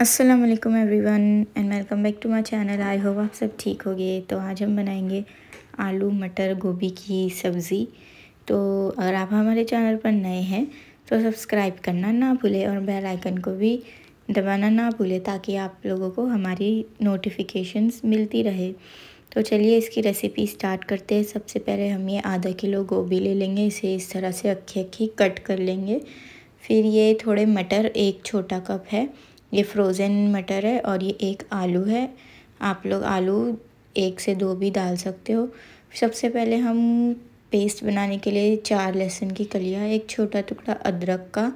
अस्सलाम वालेकुम everyone and welcome back to my channel I hope आप सब ठीक हो गए तो आज हम बनाएंगे आलू मटर गोभी की सब्ज़ी तो अगर आप हमारे चैनल पर नए हैं तो सब्सक्राइब करना ना भूलें और बेल आइकन को भी दबाना ना भूलें ताकि आप लोगों को हमारी नोटिफिकेशंस मिलती रहे तो चलिए इसकी रेसिपी स्टार्ट करते हैं सबसे पहले हम ये आधा किलो गोभी ले लेंगे इसे इस तरह से अक्खी अक्खी कट कर लेंगे फिर ये थोड़े मटर एक छोटा कप है ये फ्रोज़न मटर है और ये एक आलू है आप लोग आलू एक से दो भी डाल सकते हो सबसे पहले हम पेस्ट बनाने के लिए चार लहसुन की कलियाँ एक छोटा टुकड़ा अदरक का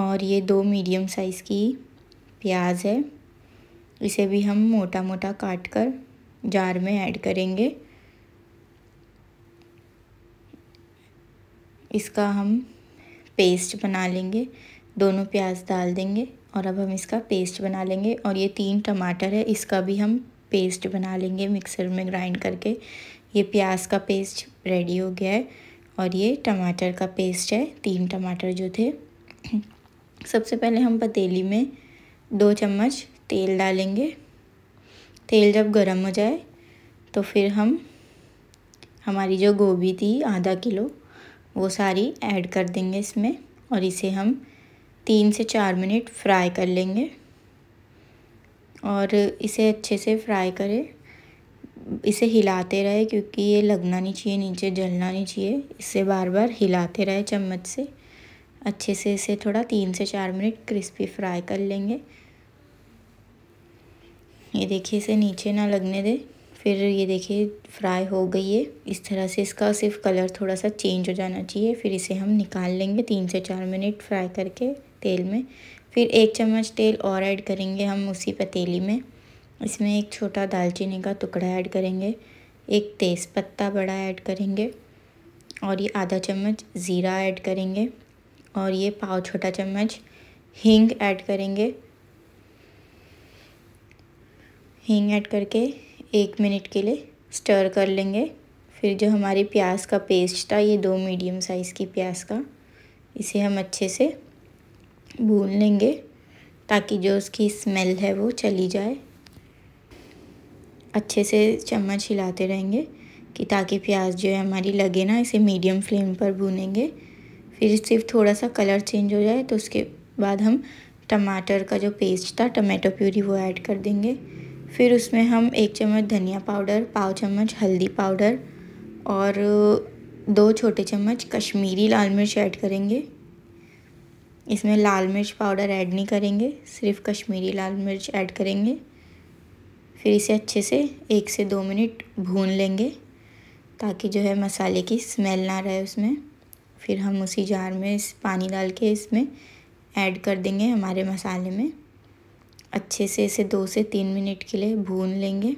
और ये दो मीडियम साइज़ की प्याज है इसे भी हम मोटा मोटा काट कर जार में ऐड करेंगे इसका हम पेस्ट बना लेंगे दोनों प्याज डाल देंगे और अब हम इसका पेस्ट बना लेंगे और ये तीन टमाटर है इसका भी हम पेस्ट बना लेंगे मिक्सर में ग्राइंड करके ये प्याज का पेस्ट रेडी हो गया है और ये टमाटर का पेस्ट है तीन टमाटर जो थे सबसे पहले हम पतीली में दो चम्मच तेल डालेंगे तेल जब गर्म हो जाए तो फिर हम हमारी जो गोभी थी आधा किलो वो सारी ऐड कर देंगे इसमें और इसे हम तीन से चार मिनट फ्राई कर लेंगे और इसे अच्छे से फ्राई करें इसे हिलाते रहे क्योंकि ये लगना नहीं चाहिए नीचे जलना नहीं चाहिए इसे बार बार हिलाते रहे चम्मच से अच्छे से इसे थोड़ा तीन से चार मिनट क्रिस्पी फ्राई कर लेंगे ये देखिए इसे नीचे ना लगने दे फिर ये देखिए फ्राई हो गई है इस तरह से इसका सिर्फ कलर थोड़ा सा चेंज हो जाना चाहिए फिर इसे हम निकाल लेंगे तीन से चार मिनट फ्राई करके तेल में फिर एक चम्मच तेल और ऐड करेंगे हम उसी पतीली में इसमें एक छोटा दालचीनी का टुकड़ा ऐड करेंगे एक तेज़पत्ता बड़ा ऐड करेंगे और ये आधा चम्मच ज़ीरा ऐड करेंगे और ये पाव छोटा चम्मच हींग ऐड करेंगे हींग ऐड करके एक मिनट के लिए स्टर कर लेंगे फिर जो हमारी प्याज का पेस्ट था ये दो मीडियम साइज़ की प्याज का इसे हम अच्छे से भून लेंगे ताकि जो उसकी स्मेल है वो चली जाए अच्छे से चम्मच हिलाते रहेंगे कि ताकि प्याज जो है हमारी लगे ना इसे मीडियम फ्लेम पर भूनेंगे फिर सिर्फ थोड़ा सा कलर चेंज हो जाए तो उसके बाद हम टमाटर का जो पेस्ट था टमाटो प्यूरी वो ऐड कर देंगे फिर उसमें हम एक चम्मच धनिया पाउडर पाव चम्मच हल्दी पाउडर और दो छोटे चम्मच कश्मीरी लाल मिर्च ऐड करेंगे इसमें लाल मिर्च पाउडर ऐड नहीं करेंगे सिर्फ कश्मीरी लाल मिर्च ऐड करेंगे फिर इसे अच्छे से एक से दो मिनट भून लेंगे ताकि जो है मसाले की स्मेल ना रहे उसमें फिर हम उसी जार में इस पानी डाल के इसमें ऐड कर देंगे हमारे मसाले में अच्छे से इसे दो से तीन मिनट के लिए भून लेंगे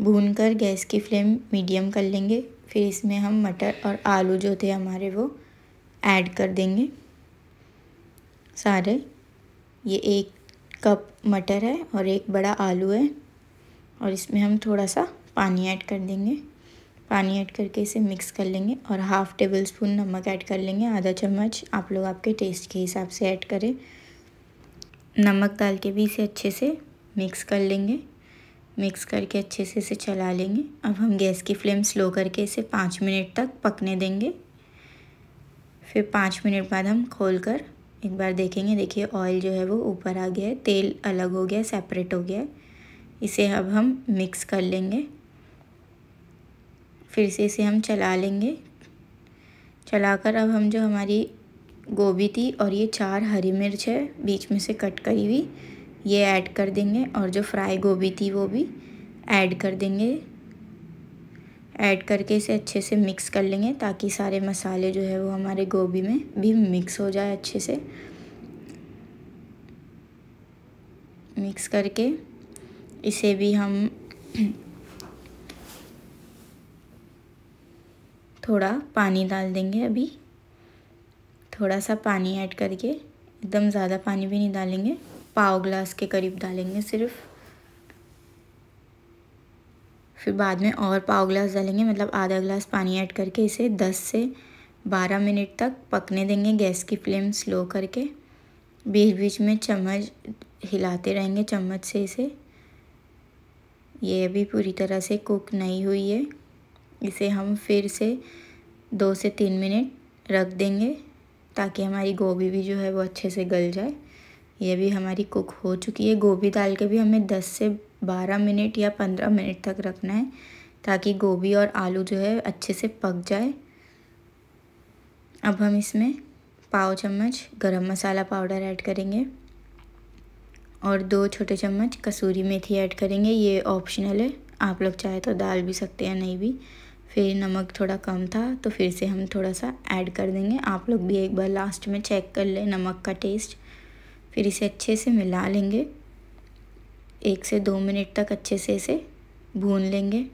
भून कर गैस की फ्लेम मीडियम कर लेंगे फिर इसमें हम मटर और आलू जो थे हमारे वो ऐड कर देंगे सारे ये एक कप मटर है और एक बड़ा आलू है और इसमें हम थोड़ा सा पानी ऐड कर देंगे पानी ऐड करके इसे मिक्स कर लेंगे और हाफ़ टेबल स्पून नमक ऐड कर लेंगे आधा चम्मच आप लोग आपके टेस्ट के हिसाब से ऐड करें नमक डाल के भी इसे अच्छे से मिक्स कर लेंगे मिक्स करके अच्छे से इसे चला लेंगे अब हम गैस की फ्लेम स्लो करके इसे पाँच मिनट तक पकने देंगे फिर पाँच मिनट बाद हम खोल कर एक बार देखेंगे देखिए ऑयल जो है वो ऊपर आ गया है तेल अलग हो गया सेपरेट हो गया है इसे अब हम मिक्स कर लेंगे फिर से इसे हम चला लेंगे चलाकर अब हम जो हमारी गोभी थी और ये चार हरी मिर्च है बीच में से कट करी हुई ये ऐड कर देंगे और जो फ्राई गोभी थी वो भी ऐड कर देंगे ऐड करके इसे अच्छे से मिक्स कर लेंगे ताकि सारे मसाले जो है वो हमारे गोभी में भी मिक्स हो जाए अच्छे से मिक्स करके इसे भी हम थोड़ा पानी डाल देंगे अभी थोड़ा सा पानी ऐड करके एकदम ज़्यादा पानी भी नहीं डालेंगे पाव ग्लास के करीब डालेंगे सिर्फ़ फिर बाद में और पाव ग्लास डालेंगे मतलब आधा ग्लास पानी ऐड करके इसे 10 से 12 मिनट तक पकने देंगे गैस की फ्लेम स्लो करके बीच बीच में चम्मच हिलाते रहेंगे चम्मच से इसे ये अभी पूरी तरह से कुक नहीं हुई है इसे हम फिर से दो से तीन मिनट रख देंगे ताकि हमारी गोभी भी जो है वो अच्छे से गल जाए ये भी हमारी कुक हो चुकी है गोभी डाल के भी हमें दस से 12 मिनट या 15 मिनट तक रखना है ताकि गोभी और आलू जो है अच्छे से पक जाए अब हम इसमें पाव चम्मच गरम मसाला पाउडर ऐड करेंगे और दो छोटे चम्मच कसूरी मेथी ऐड करेंगे ये ऑप्शनल है आप लोग चाहे तो डाल भी सकते हैं नहीं भी फिर नमक थोड़ा कम था तो फिर से हम थोड़ा सा ऐड कर देंगे आप लोग भी एक बार लास्ट में चेक कर लें नमक का टेस्ट फिर इसे अच्छे से मिला लेंगे एक से दो मिनट तक अच्छे से इसे भून लेंगे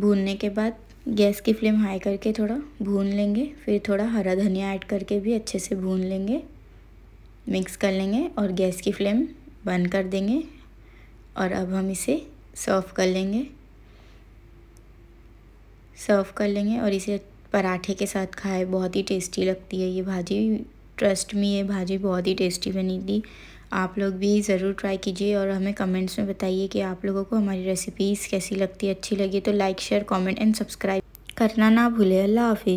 भूनने के बाद गैस की फ्लेम हाई करके थोड़ा भून लेंगे फिर थोड़ा हरा धनिया ऐड करके भी अच्छे से भून लेंगे मिक्स कर लेंगे और गैस की फ्लेम बंद कर देंगे और अब हम इसे सर्व कर लेंगे सर्व कर लेंगे और इसे पराठे के साथ खाए बहुत ही टेस्टी लगती है ये भाजी ट्रस्ट में ये भाजी बहुत ही टेस्टी बनी थी आप लोग भी ज़रूर ट्राई कीजिए और हमें कमेंट्स में बताइए कि आप लोगों को हमारी रेसिपीज़ कैसी लगती है अच्छी लगी तो like share comment and subscribe करना ना भूलें अल्लाह हाफिज़